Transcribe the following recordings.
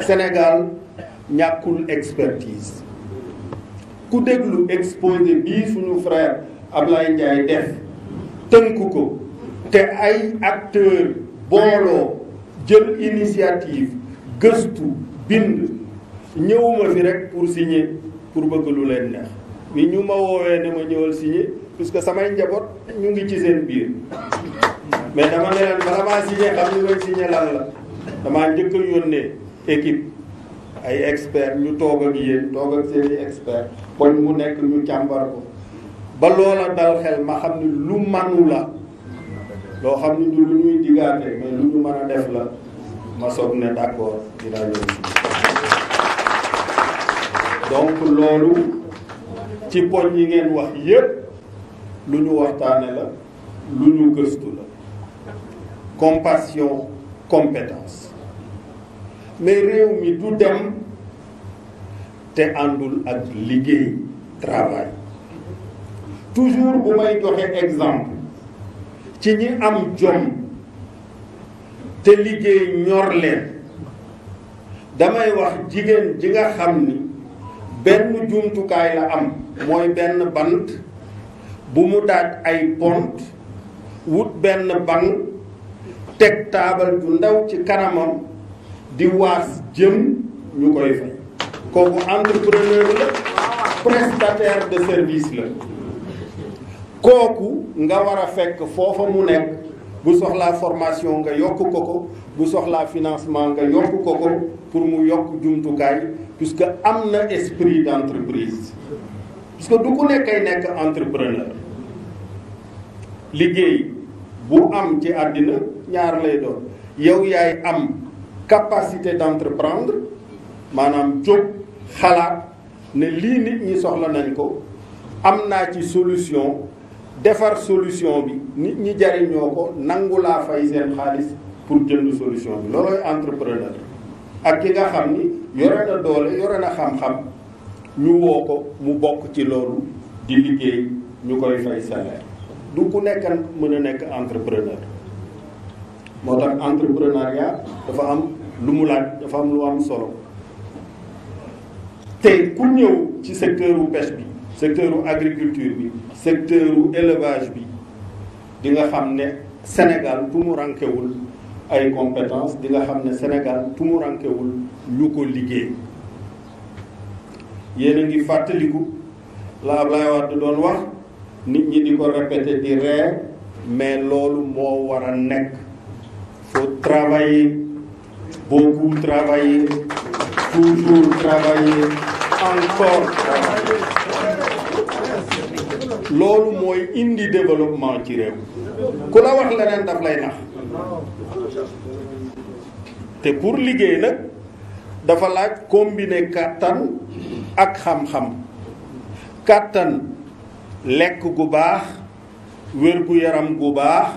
Sénégal ñàkkul expertise ku déglu exposé bii suñu frère Ablaye Ndiaye def tënk ko te ay acteurs booloo jël initiative gëstu bind ñëwuma fi rek pour signer pour bëgg lu leen neex mais ñu ma woowee ne ma ñëwal signer puisque samay njaboot ñu ngi ci seen biir mais dama ne leen bala maa signer xam ñu koy signer lan la damaa njëkk a yónnee équipe ay expert ñu toog ak yéen toog ak seen i expert koñ mu nekk ñu càmbar ko ba loola dal xel ma xam ne lu manu la loo xam ne du lu ñuy digaate mais lu ñu mën a def la ma soog ne d'accord dina donc loolu ci poñ yi ngeen wax yépp lu ñu waxtaane la lu ñu gëstu la compassion compétence mais réew mi du dem te àndul ak liggéey travail toujours bu may joxe exemple ci ñi am jom te liggéey ñor leen damay wax jigéen ji nga xam ni benn jumtukaay la am mooy benn bant bu mu daaj ay pont wut benn banc teg taabal ju ndaw ci kanamam di waas jëm ñu koy fay kooku entrepreneur la prestataire de service la kooku nga war a fekk foofa mu nekk bu soxlaa formation nga yokk ko ko bu soxlaa financement nga yokk ko ko pour mu yokk jumtukaay puisque am na esprit d'entreprise parce que du ku nekk ay nekk entrepreneur liggéey bu am ci àddina ñaar lay doon yow yaay am capacité d'entreprendre maanaam jóg xalaat ne lii nit ñi soxla nañ ko am naa ci solution defar solution bi nit ñi jariñoo ko nangu laa fay seen xaalis pour jënd solution bi loolooy entrepreneur ak ki nga xam ni yore na doole yore na xam-xam ñu woo ko mu bokk ci loolu di liggéey ñu koy fay salaire du ku nekk mën a nekk entrepreneur moo tax entrepreneuriat dafa am lu mu laaj dafa am lu am solo tey ku ñëw ci secteur u pêche bi secteur agriculture bi secteur u élevage bi di nga xam ne Sénégal tu mu rànkewul ay compétence di nga xam ne Sénégal tu mu rànkewul ñu ko liggéey yéen a ngi fàttaliku la Ablaye Wade doon wax nit ñi di ko répété di reer mais loolu moo war a nekk Travailler, beaucoup travailler, toujours travailler, encore loolu mooy indi développement ci réew ku la wax leneen daf lay nax te pour liggéey nag dafa laaj combiner kàttan ak xam-xam kàttan lekk gu baax wér gu yaram gu baax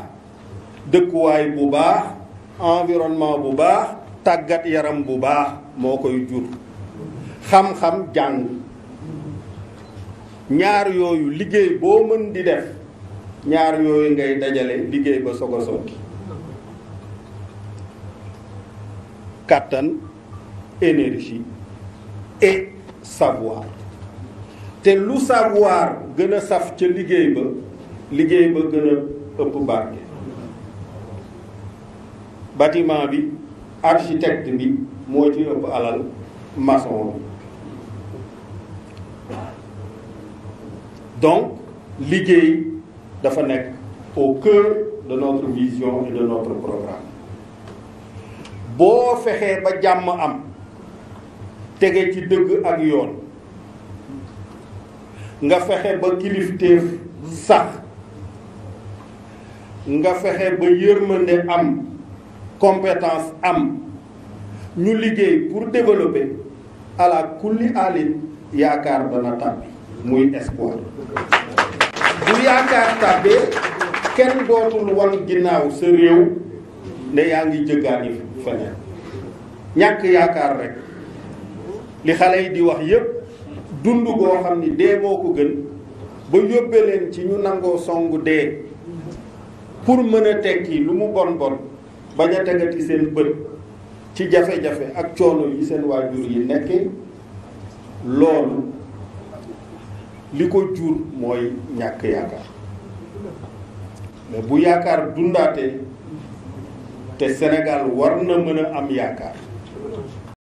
dëkkuwaay bu baax environnement bu baax tàggat yaram bu baax moo koy jur xam-xam jàng ñaar yooyu liggéey boo mën di def ñaar yooyu ngay dajale liggéey ba soog a sotti kàttan énergie et savoir te lu savoir gën a saf ca liggéey ba liggéey ba gën a ëpp barke bâtiment bi architecte bi moo ci ëpp alal maçon bi donc liggéey dafa nekk au cœur de notre vision et de notre programme boo fexee ba jàmm am tege ci dëkk ak yoon nga fexe ba kilifteef sax nga fexe ba yërmande am compétence am ñu liggéey pour développer ala kulli alin yaakaar dana tàbbi muy espoir bu yaakaar tàbbee kenn dootul wan ginnaaw sa réew ne yaa ngi jëggaani faneen ñàkk yaakaar rek li xale yi di wax yépp dund goo xam ni dee moo ko gën ba yóbbee leen ci ñu nangoo songu dee pour mën a tekki lu mu bon bon bañ a tegati seen bët ci jafe-jafe ak coono yi seen waajur yi nekkee loolu li ko jur mooy ñàkk yaakaar bu yaakaar dundaatee te Sénégal war na mën a am yaakaar